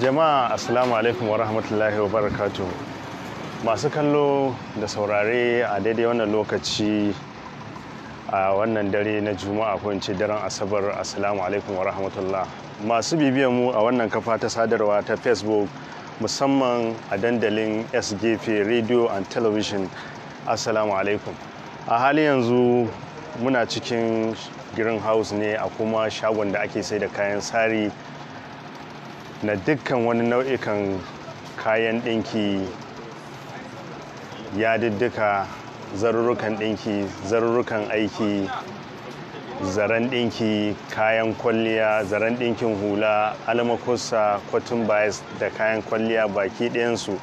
jama'a assalamu alaikum wa rahmatullahi wa barakatu masu kallo da saurare a daidai wannan lokaci a wannan dare na juma'a ko ce daren asabar assalamu alaikum wa rahmatullah masu bibiyan mu a wannan kafa ta sadarwa ta facebook musamman a dandalin sgf radio and television assalamu alaikum a halin yanzu muna cikin greenhouse ne a kuma shagon da ake sai da kayan sari na dukkan wani nau'ikan kayan ɗinki yadiddika zarurrukan ɗinki zarurrukan aiki zaren ɗinki kayan kwalliya zaren ɗinkin hula almakusa cotton bias da kayan kwalliya baki ɗayansu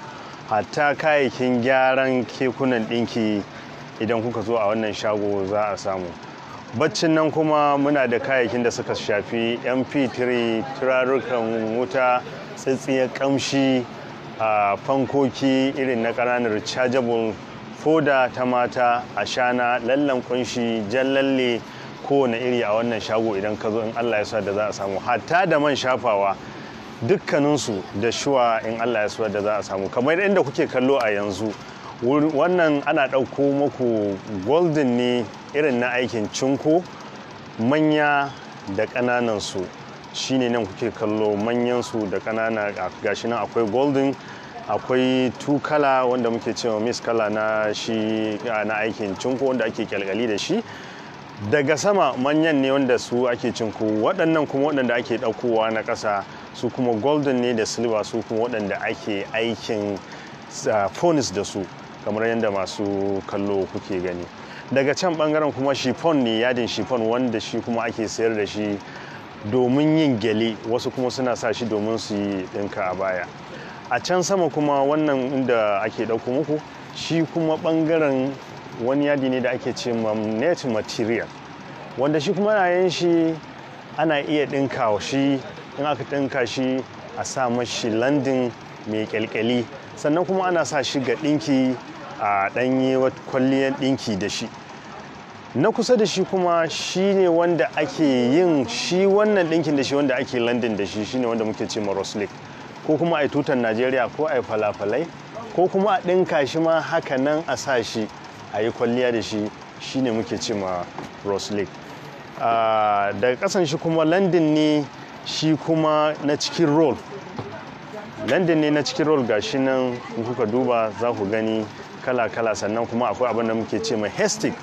hatta kayayyakin gyaran kekunan ɗinki idan kuka zo a wannan shago za a samu baccin nan kuma muna da kayayyakin da suka shafi mp3 turarukan wuta tsitsiyar kamshi a fankoki irin na ƙananan rechargeable foda ta mata a shana lallan kunshi jallalle kowane iri a wannan shago idan ka zo in allah ya sa da za a samu hatta da man shafawa dukkaninsu da shuwa in allah ya sa da za a samu kamar inda kuke kallo a yanzu wannan ana ɗauko muku golden ne irin na aikin cinko manya da ƙananan su shine nan kuke kallo manyan su da ƙanana gashi nan akwai golden akwai tukala wanda muke cewa miss kala na shi na aikin cinko wanda ake kyalkali da shi daga sama manyan ne wanda su ake cinko waɗannan kuma waɗanda ake ɗaukowa na ƙasa su kuma golden ne da silver su kuma waɗanda ake aikin phones da su kamar yadda masu kallo kuke gani daga can bangaren kuma shifon ne yadin shifon wanda shi kuma ake sayar da shi domin yin gyale wasu kuma suna sa shi domin su yi ɗinka a baya a can sama kuma wannan inda ake ɗauko muku shi kuma bangaren wani yadi ne da ake ce net material wanda shi kuma yin shi ana iya ɗinka shi in aka ɗinka shi a sa mashi landin mai kyalkyali sannan kuma ana sa shi ga ɗinki a ɗanyi kwalliyar ɗinki da shi na kusa da shi kuma shi ne wanda ake yin shi wannan ɗinkin da shi wanda ake london da shi shi ne wanda muke ce Lake. ko kuma a yi tutar najeriya ko a yi falafalai ko kuma a ɗinka shi ma haka nan a sa shi a yi kwalliya da shi shi ne muke ce ma roslik daga ƙasan shi kuma london ne shi kuma na cikin roll london ne na cikin roll shi nan kuka duba za ku gani kala-kala sannan kuma akwai abin da muke ce mai hestic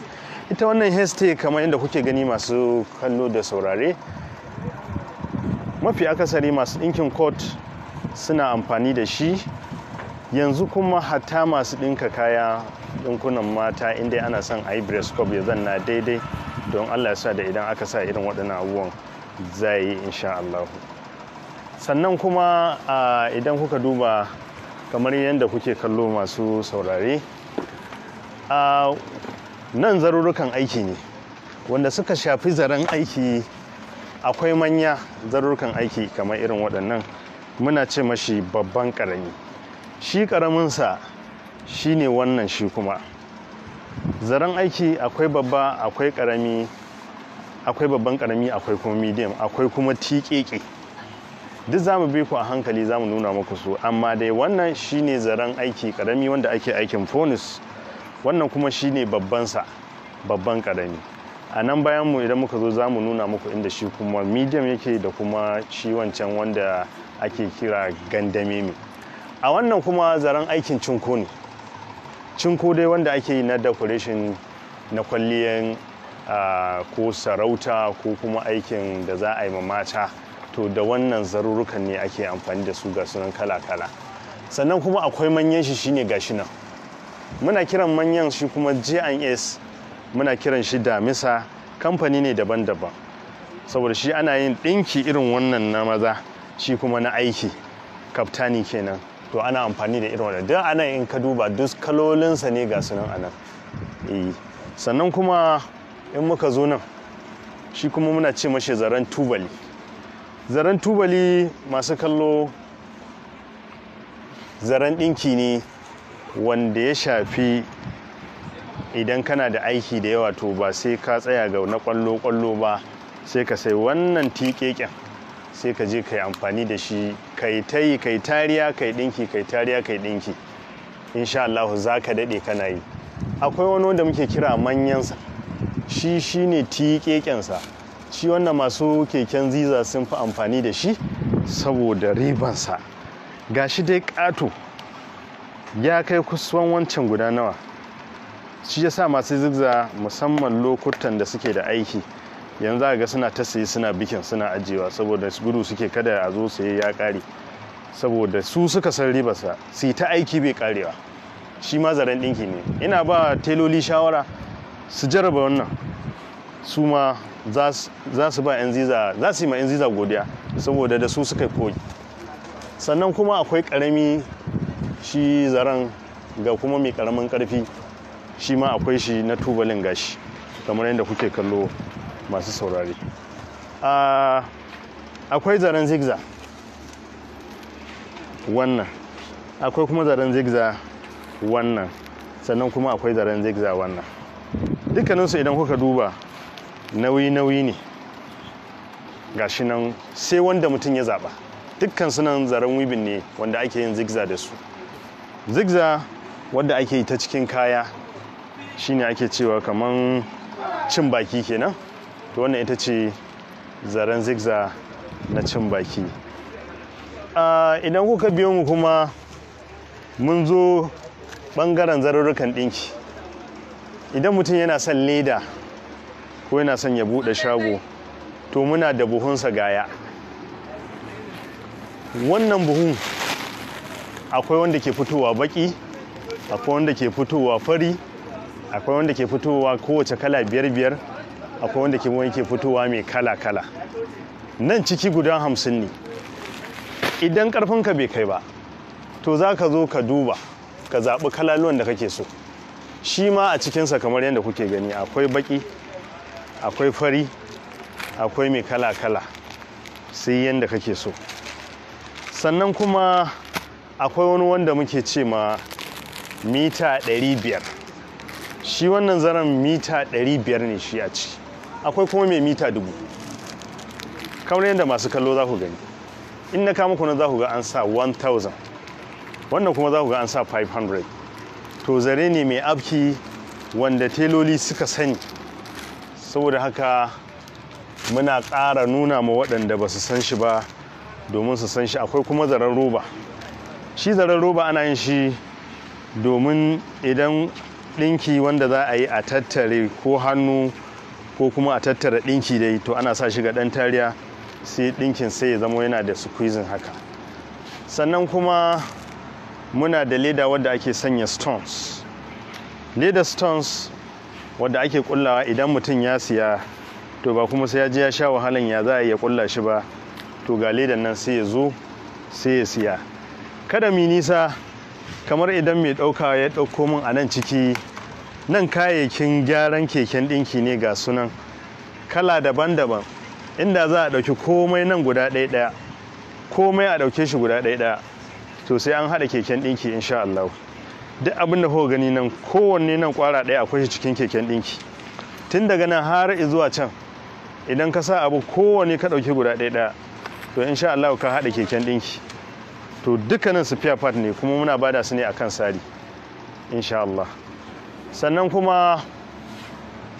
ita wannan hestic kamar yadda kuke gani masu kallo da saurare mafi akasari masu ɗinkin kot suna amfani da shi yanzu kuma hatta masu ɗinka kaya ɗinkunan mata inda ana son a yi ya zanna daidai don allah ya sa da idan aka sa irin waɗannan abubuwan zai yi insha Allah sannan kuma ah, idan kuka duba kamar yadda kuke kallo masu saurare A nan zarurrukan aiki ne wanda suka shafi zaren aiki akwai manya zarurukan aiki kamar irin waɗannan muna ce mashi babban ƙarami shi ƙaraminsa shi ne wannan shi kuma zaren aiki akwai babba akwai ƙarami akwai babban ƙarami akwai kuma medium akwai kuma tiƙeƙe duk za mu bi ku a hankali za mu nuna muku su amma dai wannan shi ne zaren aiki ƙarami wanda ake aikin fonus wannan kuma shine sa babban karami a nan bayan mu idan muka zo za mu nuna muku inda shi kuma medium yake da kuma shi wancan wanda ake kira gandame mai a wannan kuma zaren aikin cinko ne cinko dai wanda ake yi na decoration na kwalliyan ko sarauta ko kuma aikin da za a yi ma mata to da wannan zarurrukan ne ake amfani da su ga sunan kala-kala sannan kuma akwai manyan shi shine gashi nan muna kiran manyan shi kuma jns muna kiran shi damisa kamfani ne daban-daban saboda shi ana yin ɗinki irin wannan na maza shi kuma na aiki kaftani kenan to ana amfani da irin wannan don ana in ka duba duk kalolinsa ne ga sunan anan eh. sannan kuma in muka zo nan shi kuma muna ce mashi zaren tubali zaren tubali masu kallo zaren ɗinki ne wanda ya shafi idan kana da aiki da yawa to ba sai ka tsaya ga na kwallo-kwallo ba sai ka sai wannan tiƙeƙen sai ka je ka yi amfani da shi kai ta yi yi tariya kai ɗinki kai tariya kai ɗinki insha Allah za ka daɗe kana yi akwai wani wanda muke kira manyansa shi shi ne tiƙeƙensa shi wannan masu keken ziza sun fi amfani da shi saboda ribansa ga shi dai ƙato ya kai kusan wancan guda nawa shi ya sa masu zigza musamman lokutan da suke da aiki yanzu za ga suna ta sayi suna bikin suna ajiyewa saboda gudu suke kada a zo saye ya kare saboda su suka san ribarsa su ta aiki bai karewa shi ma zaren ɗinki ne ina ba teloli shawara su jaraba wannan su ma za su ba 'yan ziza za su yi ma 'yan ziza godiya saboda da su suka koyi sannan kuma akwai karami shi zaren ga kuma mai karamin karfi shi ma akwai shi na tubalin gashi kamar yadda kuke kallo masu saurari akwai zaren zigza wannan akwai kuma zaren zigza wannan sannan kuma akwai zaren zigza wannan dukkaninsu idan kuka duba nauyi-nauyi ne gashi nan sai wanda mutum ya zaba dukkan sunan zaren wibin ne wanda ake yin zigza da su zigza wanda ake yi ta cikin kaya shine ake cewa kaman cin baki kenan to wannan ita ce zaren zigza na cin baki idan kuka biyo mu kuma mun zo bangaren zarurrukan ɗinki idan mutum yana son leda ko yana son ya buɗe shago to muna da buhunsa gaya wannan buhun akwai wanda ke fitowa baki akwai wanda ke fitowa fari akwai wanda ke fitowa kowace kala biyar biyar akwai wanda ke ke fitowa mai kala kala nan ciki guda hamsin ne idan karfinka bai kai ba to za ka zo ka duba ka zaɓi kalaluwan da kake so shi ma a cikinsa kamar yadda kuke gani akwai baki akwai fari akwai mai kala kala sai yadda kake so sannan kuma akwai wani wanda muke ce ma mita 500 shi wannan zaren mita 500 ne shi a ci akwai kuma mai mita 1000 kamar yadda masu kallo za ku gani in na kama kuna za ku ga an sa 1000 wannan kuma za ku ga an sa 500 to zare ne mai abki wanda teloli suka sani saboda haka muna ƙara nuna ma waɗanda ba su san shi ba domin su san shi akwai kuma zaren roba shi zaren roba ana yin shi domin idan ɗinki wanda za a yi a tattare ko hannu ko kuma a tattara ɗinki dai to ana sa shi ga ɗan tariya sai ɗinkin sai ya zama yana da squeezing haka sannan kuma muna da leda wadda ake sanya stones leda stones wadda ake kullawa idan mutum ya siya to ba kuma sai ya je ya sha wahalan ya za a iya kulla shi ba to ga ledan nan sai ya zo sai ya siya kada mu nisa kamar idan mai ɗauka ya ɗauko min a nan ciki nan kayayyakin gyaran keken ɗinki ne ga sunan kala daban-daban inda za a ɗauki komai nan guda ɗaya ɗaya komai a ɗauke shi guda ɗaya ɗaya to sai an haɗa keken ɗinki insha Allah duk abin da kuka gani nan kowanne nan kwara ɗaya akwai shi cikin keken ɗinki tun daga nan har zuwa can idan ka sa abu kowanne ka ɗauki guda ɗaya ɗaya to insha Allah ka haɗa keken ɗinki to dukkanin spare part ne kuma muna bada su ne akan sari insha Allah sannan kuma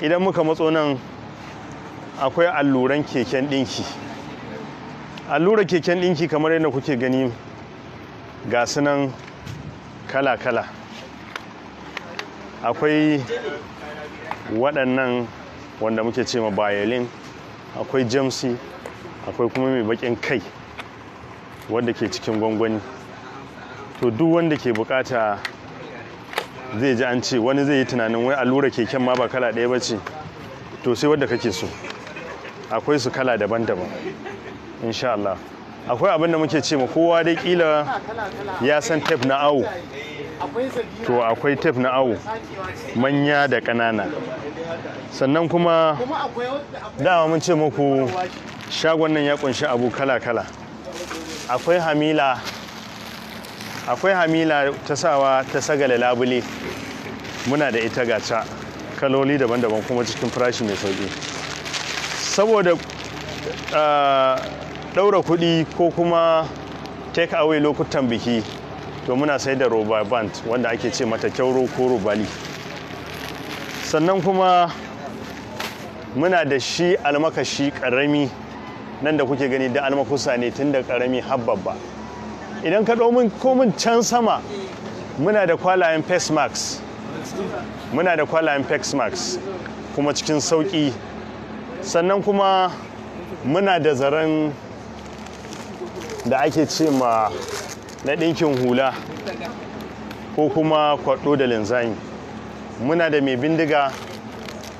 idan muka matso nan akwai alluran keken dinki alluran keken dinki kamar yadda kuke gani ga su nan kala-kala akwai waɗannan wanda muke ce ma violin akwai jamsi akwai kuma mai baƙin kai wadda ke cikin gwangwani to duk wanda ke bukata zai ji an ce wani zai yi tunanin wai allura keken ma ba kala ɗaya ba ce to sai wadda kake so akwai su kala daban-daban insha Allah akwai abin da muke ce ma kowa dai kila ya san tef na awo to akwai tef na awo manya da ƙanana sannan kuma dama mun ce muku shagon nan ya kunshi abu kala-kala akwai hamila akwai hamila ta sawa ta sagale labule muna da ita gaca kaloli daban-daban kuma cikin farashi mai sauki saboda ah, ɗaura kuɗi ko kuma take away lokutan biki to muna sai da roba band wanda ake ce mata kyauro ko rubali sannan kuma muna da shi almakashi ƙarami nan da kuke gani da almakusa ne tun da karami har babba idan ka ɗauko komin can sama muna da kwalayen face mask muna da kwalayen face mask kuma cikin sauƙi sannan kuma muna da zaren da ake ce ma na ɗinkin hula ko kuma kwaɗo da linzami muna da mai bindiga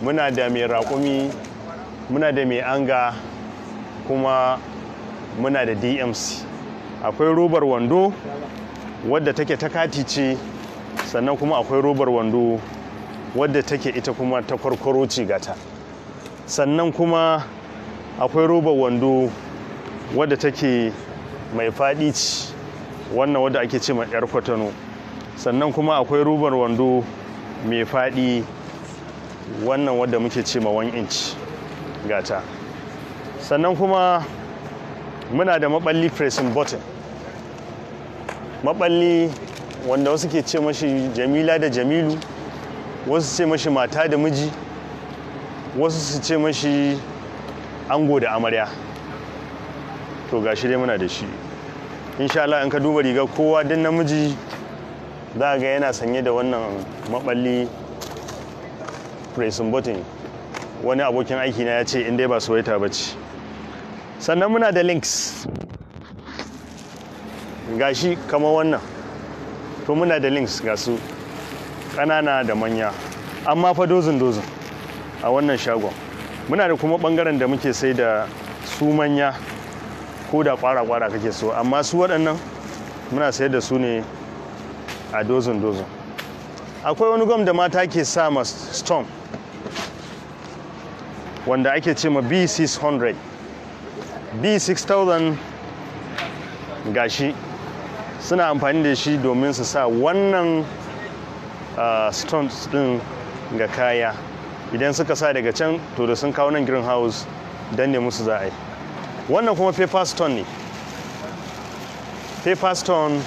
muna da mai raƙumi muna da mai anga kuma muna da dmc akwai robar wando wadda take ta katice sannan kuma akwai robar wando wadda take ita kuma ta kwarkwaro ce gata sannan kuma akwai robar wando wadda take mai faɗi ci wannan wadda ake ce mai yar kwatano sannan kuma akwai robar wando mai faɗi wannan wadda muke ce ma 1 inch gata sannan kuma muna da maballi pressing button maballi wanda wasu ke ce mashi jamila da jamilu wasu ce mashi mata da miji wasu su ce mashi ango da amarya to ga shi dai muna da shi insha Allah in ka duba rigar kowa din namiji za a ga yana sanye da wannan maballi pressing button wani abokin aiki na ya ce in dai ba waita ba ce sannan muna da links gashi kama wannan to muna da links ga su kanana da manya amma fa dozin dozin a wannan shagon muna da kuma bangaren da muke sai da su manya ko da kwara-kwara kake so amma su waɗannan muna sayar da su ne a dozin dozin akwai wani gwam da mata ke sa ma storm wanda ake ce ma b600 b6000 gashi suna amfani da shi domin su sa wannan ah, stones din ga kaya idan suka sa daga can to da sun kawo nan greenhouse don ne musu za wannan kuma paper stone ne paper stone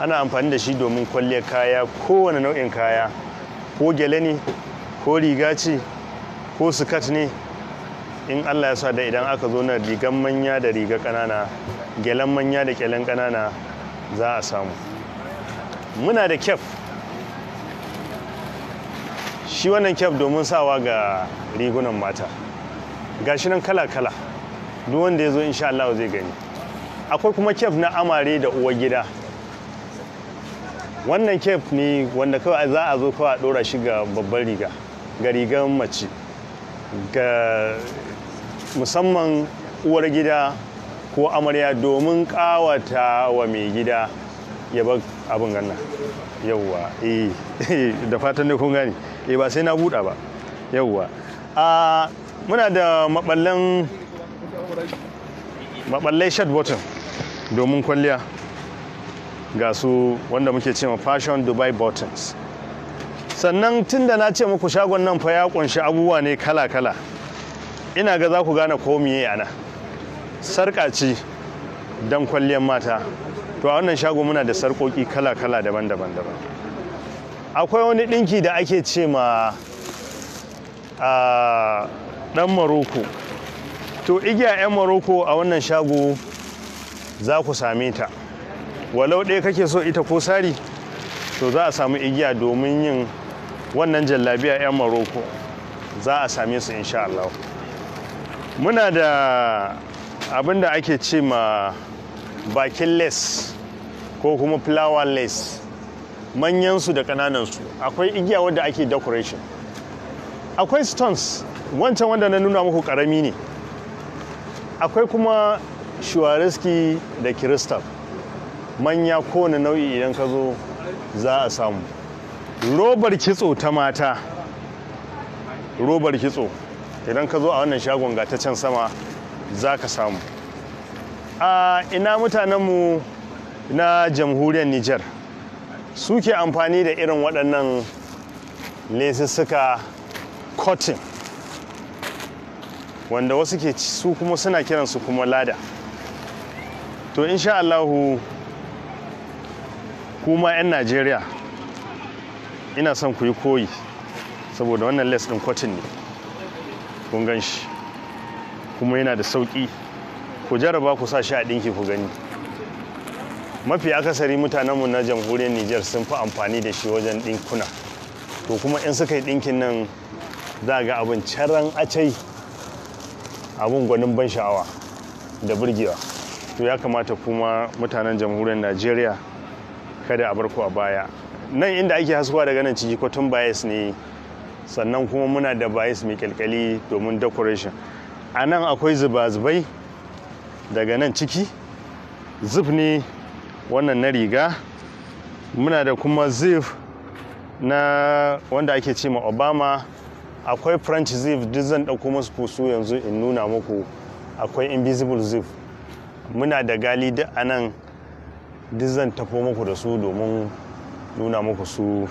ana amfani da shi domin kwalliya kaya kowane nau'in kaya ko gele ne ko riga ce ko skirt ne in allah ya sa da idan aka zo na rigan manya da riga ƙanana gyalen manya da kyalen kanana za a samu muna da kyaf shi wannan kyaf domin sawa ga rigunan mata gashi nan kala-kala duk wanda ya zo insha Allah zai gani akwai kuma kyaf na amare da uwa gida wannan kyaf ne wanda kawai za a zo kawai a ɗora shi ga babban riga ga rigar mace ga musamman uwar gida ko amarya domin ƙawata wa mai gida ya bar abin ganna yauwa eh da fatan ne kun gani eh ba sai na buɗa ba yauwa ah, muna da maballan maballai shed button domin kwalliya ga su wanda muke cewa fashion dubai buttons sannan tunda na ce muku shagon nan fa ya kunshi abubuwa ne kala-kala ina ga za ku gane ko a nan sarƙa ce don kwalliyar mata to a wannan shago muna da sarƙoƙi kala-kala daban-daban daban akwai wani ɗinki da ake ce ma a ɗan maroko to igiya 'yan maroko a wannan shago za ku same ta walau ɗaya kake so ita ko sari to za a samu igiya domin yin wannan jallabiya 'yan maroko za a same su insha Allah. muna da abin da ake ce ma bakin lace ko kuma flower les manyansu da ƙananansu akwai igiya wadda ake decoration akwai stones wancan wanda na nuna muku ƙarami ne akwai kuma shuwariski da kiristal manya kowane nau'i idan ka zo za a samu robar kitso ta mata robar kitso idan ka zo a wannan shagon ga ta can sama za ka samu a ina mutanenmu na jamhuriyar niger suke amfani da irin waɗannan lesussuka cotton wanda wasu ke su kuma suna kiransu kuma lada to insha allahu kuma 'yan najeriya ina son ku yi koyi saboda wannan les ɗin cotton ne kun gan shi kuma yana da sauƙi ku jaraba ku sa shi a ɗinki ku gani mafi akasari mutanenmu na jamhuriyar niger sun fi amfani da shi wajen ɗinkuna to kuma in suka yi ɗinkin nan za ga abin caran acai abin gwanin ban sha'awa da burgewa to ya kamata kuma mutanen jamhuriyar najeriya kada a bar ku a baya nan inda ake hasuwa daga nan ciki kwatun bayes ne sannan kuma muna da bayis mai kyalkyali domin decoration a nan akwai zuba-zubai daga nan ciki zip ne wannan na riga muna da kuma zif na wanda ake ce ma obama akwai french zif duk zan ɗauko masu fusu yanzu in nuna muku akwai invisible zif muna da gali duk a nan duk zan tafo muku da su domin nuna muku su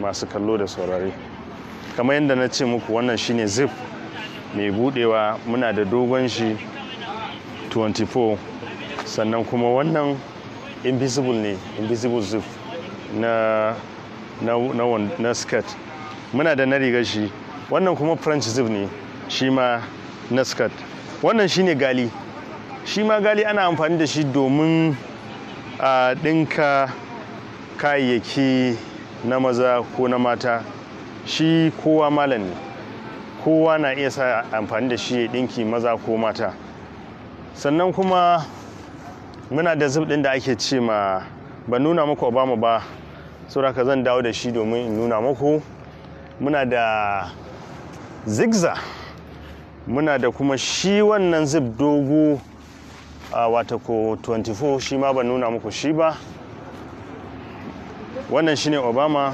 masu kallo da saurari. kamar yadda na ce muku wannan shine zip mai budewa muna da dogon shi 24 sannan kuma wannan invisible ne invisible zip na na, na, na skirt muna da na riga shi wannan kuma french zip ne shi ma na skirt wannan shine gali shi ma gali ana amfani da shi domin a ah, dinka kayayyaki na maza ko na mata shi kowa malam ne kowa na iya sa amfani da shi ya ɗinki maza ko mata sannan kuma muna da zub ɗin da ake ce ma ban nuna muku obama ba saboda zan dawo da shi domin in nuna muku muna da zigza muna da kuma shi wannan zib dogo a wata ko 24 shi ma ban nuna muku shi ba wannan shine obama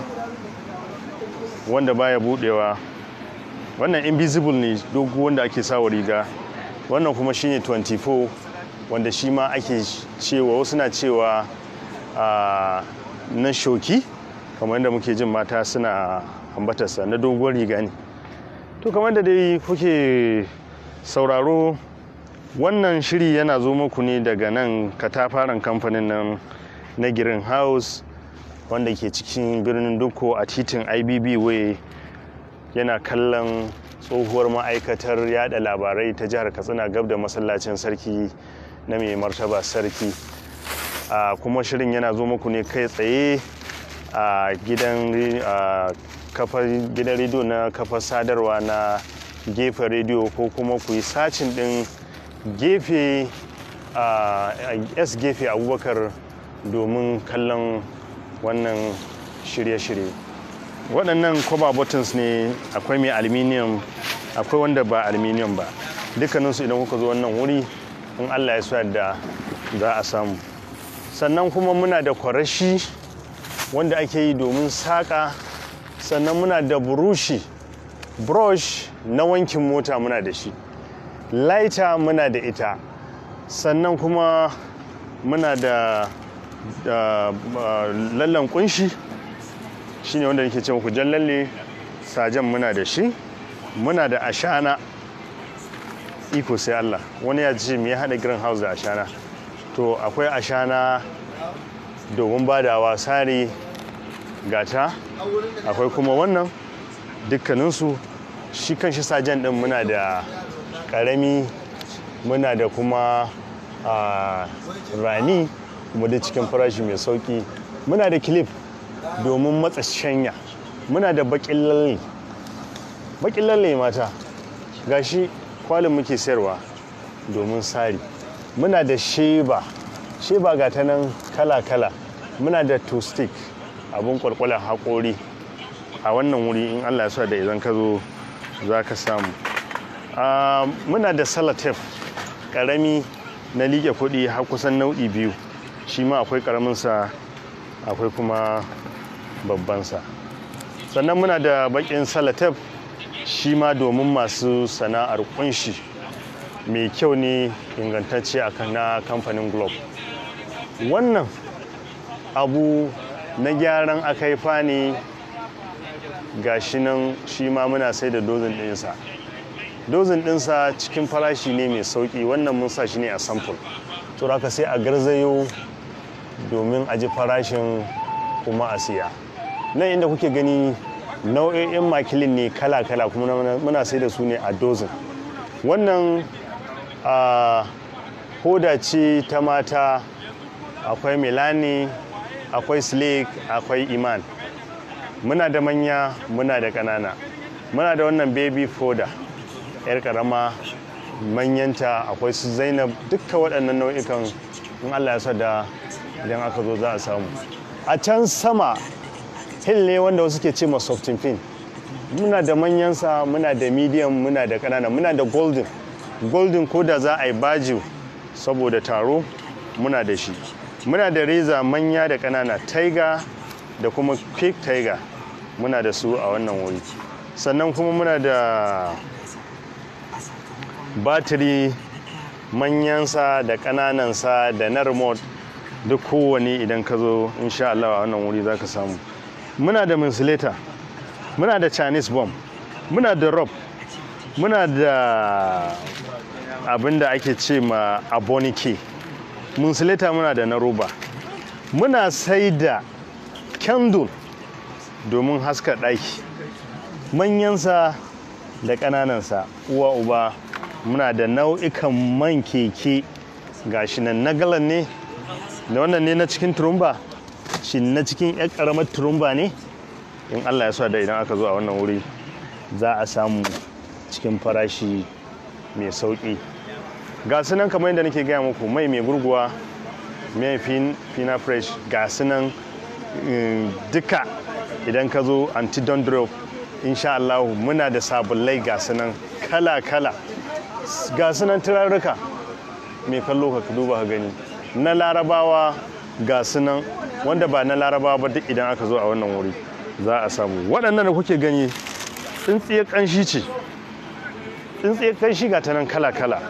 wanda baya budewa wannan invisible ne dogo wanda ake sawa riga wannan kuma shine 24 wanda shi ma ake cewa wasu na cewa na shoki kamar yadda muke jin mata suna ambatarsa na doguwar riga ne to kamar da dai kuke sauraro wannan shiri yana zo muku ne daga nan katafaren kamfanin nan na girin house wanda ke cikin birnin dukko a titin ibb way yana kallon tsohuwar ma'aikatar yada labarai ta jihar katsina gab da masallacin sarki na mai martaba sarki a kuma shirin yana zo muku ne kai tsaye a gidan rediyo na kafar sadarwa na gefe rediyo ko kuma ku yi sacin din gefe s gefe abubakar domin kallon wannan shirye-shirye waɗannan kwaba buttons ne akwai mai aluminium akwai wanda ba aluminium ba dukkaninsu idan kuka zo wannan wuri in allah ya sa da za a samu sannan kuma muna da kwarashi wanda ake yi domin saƙa sannan muna da burushi brush na wankin mota muna da shi laita muna da ita sannan kuma muna da lallan kunshi ne wanda nake ce hujjan lalle sajan muna da shi muna da ashana iko sai Allah wani ya ce me ya haɗa green house da ashana to akwai ashana domin badawa sari gata akwai kuma wannan dukkaninsu shi kan sajan din muna da ƙarami muna da kuma ah, rani kuma dai cikin farashi mai sauki muna da kilif domin matsa shanya muna da bakin lalle bakin lalle mata gashi kwalin muke sayarwa domin sari muna da sheba sheba ga ta nan kala-kala muna da two stick abun kwalkwalar haƙori a wannan wuri in allah ya sa da idan ka zo za ka samu muna da salatef ƙarami na liƙe kuɗi har kusan nau'i biyu shi ma akwai karaminsa akwai kuma babbansa sannan muna da bakin salatef shi ma domin masu sana'ar kunshi mai kyau ne ingantacce a na kamfanin globe wannan abu na gyaran akaifa ne shi nan shi ma muna sai da dozin ɗinsa dozin ɗinsa cikin farashi ne mai sauƙi wannan mun sa shi ne a samfur to sai a garzayo domin a ji farashin kuma a siya nan inda kuke gani nau'o'in makilin ne kala-kala kuma muna sai da su ne a dozin wannan a hoda ce ta mata akwai milani akwai slake akwai iman muna da manya muna da ƙanana muna da wannan baby foda yar karama manyanta akwai su zainab dukkan waɗannan nau'ikan in allah ya sa da idan aka zo za a samu a can sama hill ne wanda wasu ke ce ma softin muna da manyansa muna da medium muna da kanana muna da golden golden ko da za a yi baji saboda taro muna da shi muna da reza manya da kanana tiger da kuma quick tiger muna da su a wannan wuri sannan kuma muna da batiri manyansa da kananansa da na remote duk kowane idan ka zo insha Allah a wannan wuri za ka samu muna da minsilator muna da chinese bomb muna da rob muna da abinda ake ce ma abonike minsilator muna da na roba muna sai da candle domin haska ɗaki manyansa da ƙananansa uwa uba muna da nau'ikan man keke gashi nan na galan ne da wannan ne na cikin turumba shi na cikin yan karamar turumba ne in allah ya sa da idan aka zo a wannan wuri za a samu cikin farashi mai sauki. ga nan kamar yadda nake gaya muku mai mai gurguwa mai fina fresh ga nan eh, duka idan ka zo antidondrop insha Allah muna da sabulai ga nan kala-kala ga nan turaruka mai kallo ka duba ka gani na larabawa ga sunan wanda ba na larabawa ba duk idan aka zo a wannan wuri za a samu waɗannan da kuke gani tsintsiyar ƙanshi ce tsintsiyar ƙanshi ga ta nan kala-kala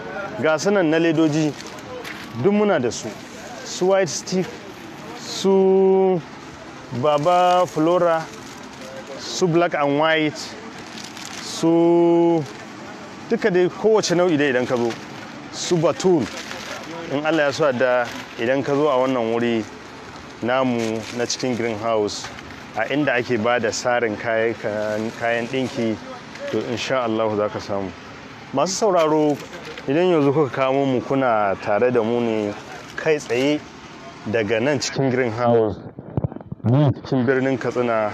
ga sunan na ledoji duk muna da su su white steve su baba flora su black and white su duka dai kowace nau'i idan ka zo su batul in allah ya sa da idan ka zo a wannan wuri namu na cikin greenhouse a inda ake ba da tsarin kayan ɗinki to insha allahu za ka samu masu sauraro idan yanzu kuka kamo mu kuna tare da mu ne kai tsaye daga nan cikin greenhouse cikin birnin katsina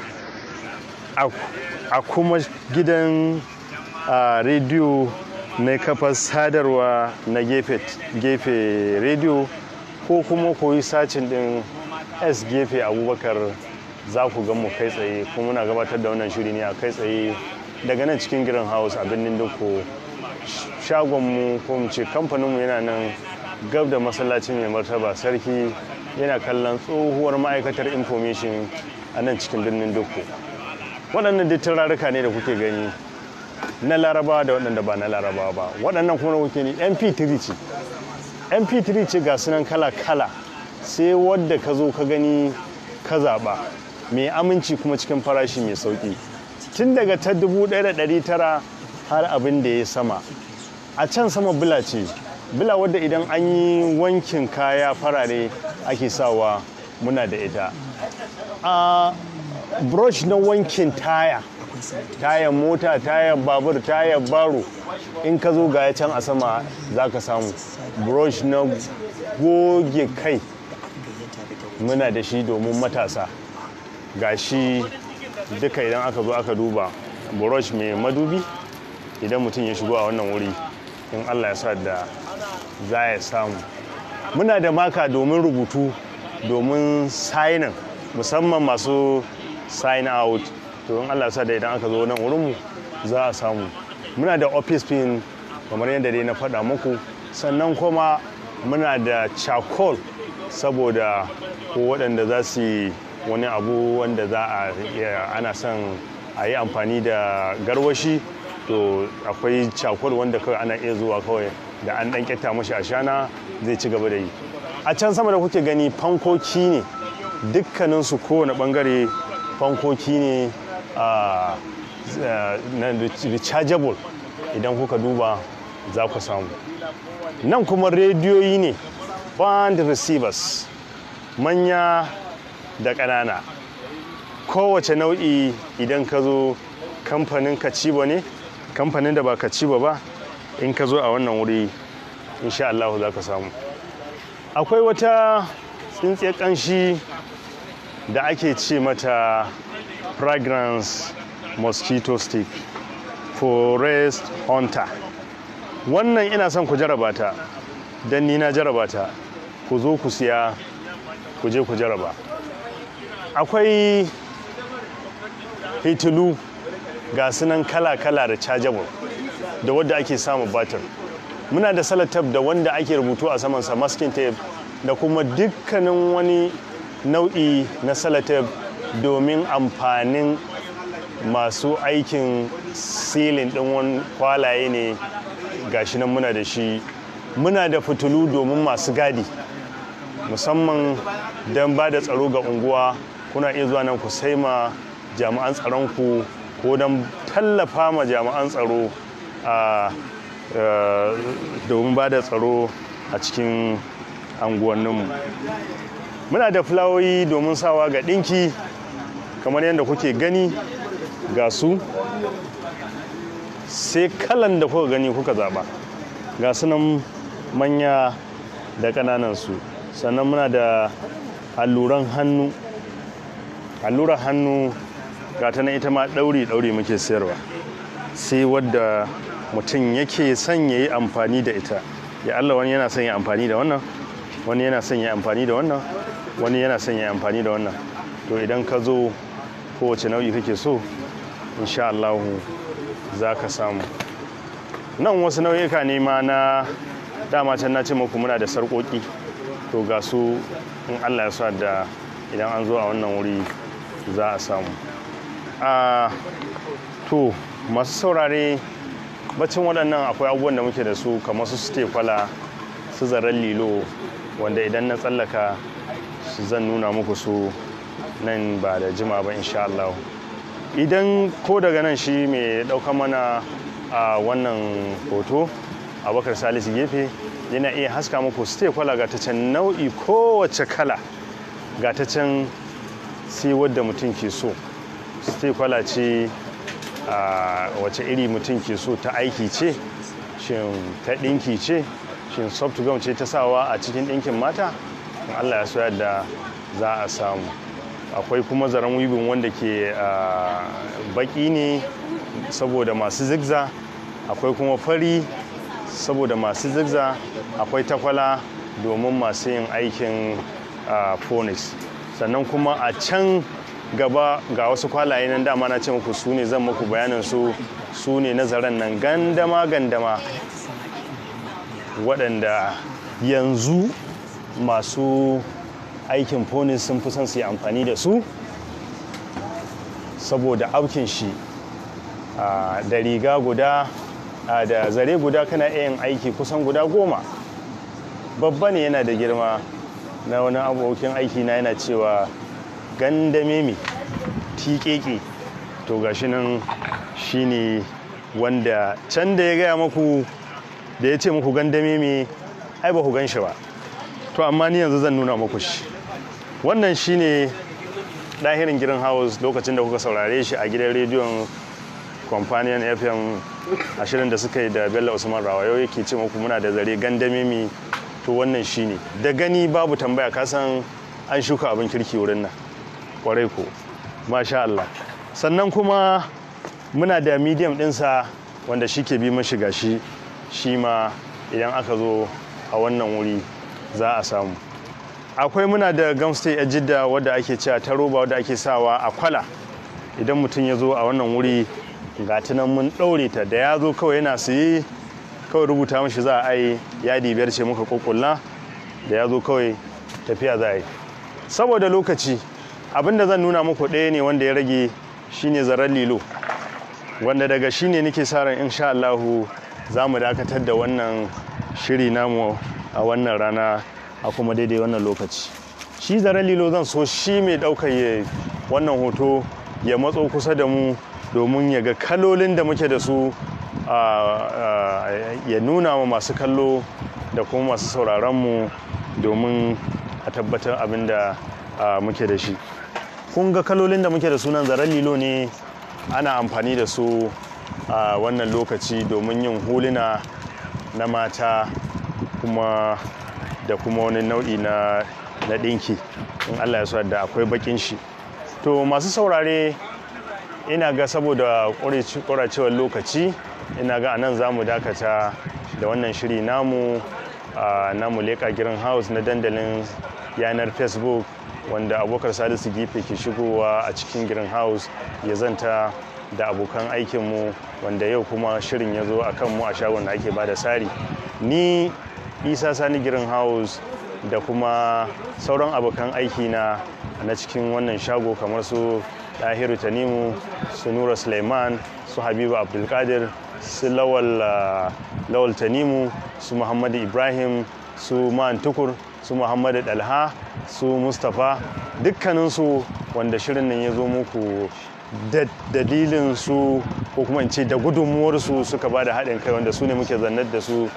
a kuma gidan rediyo na kafar sadarwa na gefe rediyo ko kuma koyi sacin din s gefe abubakar za ku ga mu kai tsaye kuma muna gabatar da wannan shiri ne a kai tsaye daga nan cikin girin house a birnin dukko shagonmu ko mu ce kamfaninmu yana nan gab da masallacin mai martaba sarki yana kallon tsohuwar ma'aikatar information a nan cikin birnin dukko waɗannan duk ne da kuke gani na laraba da waɗanda ba na laraba ba waɗannan kuma kuke ni mp3 ce mp3 ce ga sunan kala-kala sai wadda ka zo ka gani ka zaɓa mai aminci kuma cikin farashi mai sauƙi tun daga ta 1900 har abin da ya sama a can sama bula ce bula wadda idan an yi wankin kaya farare ake sawa muna da ita a brush na wankin taya tayan mota tayan babur tayan baro in ka zo ga can a sama za ka samu brush na goge kai muna da shi domin matasa ga shi duka idan aka zo aka duba brush mai madubi idan mutum ya shigo a wannan wuri in allah ya sa da za ya samu muna da maka domin rubutu domin signing musamman masu sign out to in Allah sa da idan aka zo nan wurinmu za a samu muna da office pin kamar yadda dai na faɗa muku sannan kuma muna da charcoal saboda ko waɗanda za su yi wani abu wanda za a ana son a yi amfani da garwashi to akwai charcoal wanda kawai ana iya zuwa kawai da an ɗan ƙeta mashi a shana zai ci gaba da yi a can sama da kuke gani fankoki ne dukkaninsu kowane ɓangare fankoki ne a rechargeable idan kuka duba za ku samu nan kuma rediyoyi ne band receivers manya da ƙanana kowace nau'i idan ka zo kamfanin ne kamfanin da ba ciba ba in ka zo a wannan wuri insha Allah za ka samu akwai wata tsintsiyar ƙanshi da ake ce mata fragrance mosquito stick forest hunter wannan ina son ku jaraba ta don ni na jaraba ta ku zo ku siya ku je ku jaraba akwai fitilu ga sunan kala-kala da cajabur da wadda ake samun batir muna da salatab da wanda ake rubutu a samansa masking tape da kuma dukkanin wani nau'i na salatab domin amfanin masu aikin silin ɗin wani kwalaye ne shi nan muna da shi muna da fitilu domin masu gadi musamman don ba da tsaro ga unguwa kuna iya zuwa nan ku sai ma jami'an tsaronku ko don tallafa ma jami'an tsaro a domin ba da tsaro a cikin anguwanninmu muna da fulawoyi domin sawa ga ɗinki kamar yadda kuke gani ga su sai kalan da kuka gani kuka zaba ga sunan manya da ƙananan su sannan muna da alluran hannu alluran hannu ga ta ita ma ɗauri-ɗauri muke sayarwa sai wadda mutum yake son ya yi amfani da ita ya Allah wani yana son ya amfani da wannan wani yana son ya amfani da wannan wani yana son ya amfani da wannan to idan ka zo kowace nau'i kake so insha Allahu za ka samu nan wasu nau'ika ne ma na dama can na ce muku muna da sarƙoƙi to ga su in Allah ya sa da idan an zo a wannan wuri za a samu to masu saurare bacin waɗannan akwai abubuwan da muke da su kamar su suke kwala su zaren lilo wanda idan na tsallaka zan nuna muku su nan ba da jima ba insha Allah idan ko daga nan shi mai ɗauka mana a wannan hoto bakar salisu gefe yana iya haska muku stay kwala can nau'i kowace kala can sai wadda mutum ke so stay kwala ce a wace iri mutum ke so ta aiki ce shin ta ɗinki ce shin soft gum ce ta sawa a cikin ɗinkin mata in allah ya so yadda za a samu akwai kuma zaren wibin wanda ke baki ne saboda masu zigza akwai kuma fari saboda masu zigza akwai takwala domin masu yin aikin phoenix sannan kuma a can gaba ga wasu kwalaye nan dama na ce muku su ne zan muku bayanin su su ne nazarin nan gandama gandama waɗanda yanzu masu aikin fonin sun fi son su yi amfani da su saboda aukin shi da riga guda da zare guda kana iya yin aiki kusan guda goma babba ne yana da girma na wani abokin aiki na yana cewa gandame mai tikeke to gashi nan shine wanda can da ya gaya maku da ya ce muku gandame mai ai ba ku gan shi ba to amma ni yanzu zan nuna muku shi wannan shine ɗahirin girin house lokacin da kuka saurare shi a gidan rediyon companion fm ashirin da suka yi da bello usman rawa yau yake ce muku muna da zare gandamimi to wannan shine da gani babu tambaya kasan an shuka abin kirki wurin nan kwarai ko masha Allah sannan kuma muna da medium ɗinsa wanda shi ke bi mashiga shi shi ma idan aka zo a wannan wuri za a samu akwai muna da gamsu a jidda wadda ake cewa ta roba wadda ake sawa a kwala idan mutum ya zo a wannan wuri ga mun ɗaure ta da ya zo kawai yana siye kawai rubuta mashi za a yi yadi biyar ce muka kokulla da ya zo kawai tafiya za a yi saboda lokaci abinda zan nuna muku ɗaya ne wanda ya rage shine zaren lilo wanda daga shine nake sa ran insha Allahu za mu dakatar da wannan shiri namu a wannan rana a kuma daidai wannan lokaci shi zaren lilo zan so shi mai ɗaukar wannan hoto ya matso kusa da mu domin ya ga kalolin da muke da su ya nuna ma masu kallo da kuma masu sauraron mu domin a tabbatar abin da muke da shi kun ga kalolin da muke da sunan zaren lilo ne ana amfani da su a wannan lokaci domin yin huluna na mata kuma da kuma wani nau'i na na ɗinki in allah ya da akwai bakin shi to masu saurare ina ga saboda ƙoracewar lokaci ina ga anan za mu dakata da wannan shiri namu na muleka girin house na dandalin yanar facebook wanda abokar salisu Gife ke shigowa a cikin girin house ya zanta da abokan aikinmu wanda yau kuma shirin ya zo a kanmu a shagon da ake ba da sari ni isa sani house da kuma sauran abokan aiki na na cikin wannan shago kamar su ɗahiru tanimu su nura suleiman su habibu abdulkadir su lawal ah, tanimu su muhammadu ibrahim su man tukur su muhammadu dalha su mustapha dukkaninsu wanda shirin nan ya zo muku da dalilin su ko kuma in ce da gudunmuwarsu suka ba da haɗin kai wanda su ne muke zannar da su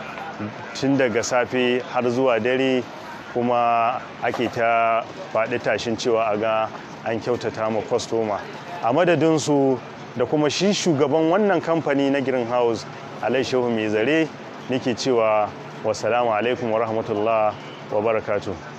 tun daga safe har zuwa dare kuma ake ta faɗi tashin cewa a ga an kyautata ma kwastoma a madadinsu da kuma shi shugaban wannan kamfani na greenhouse alaishehu mai zare nake cewa wasalamu alaikum wa rahmatullah wa barakatu.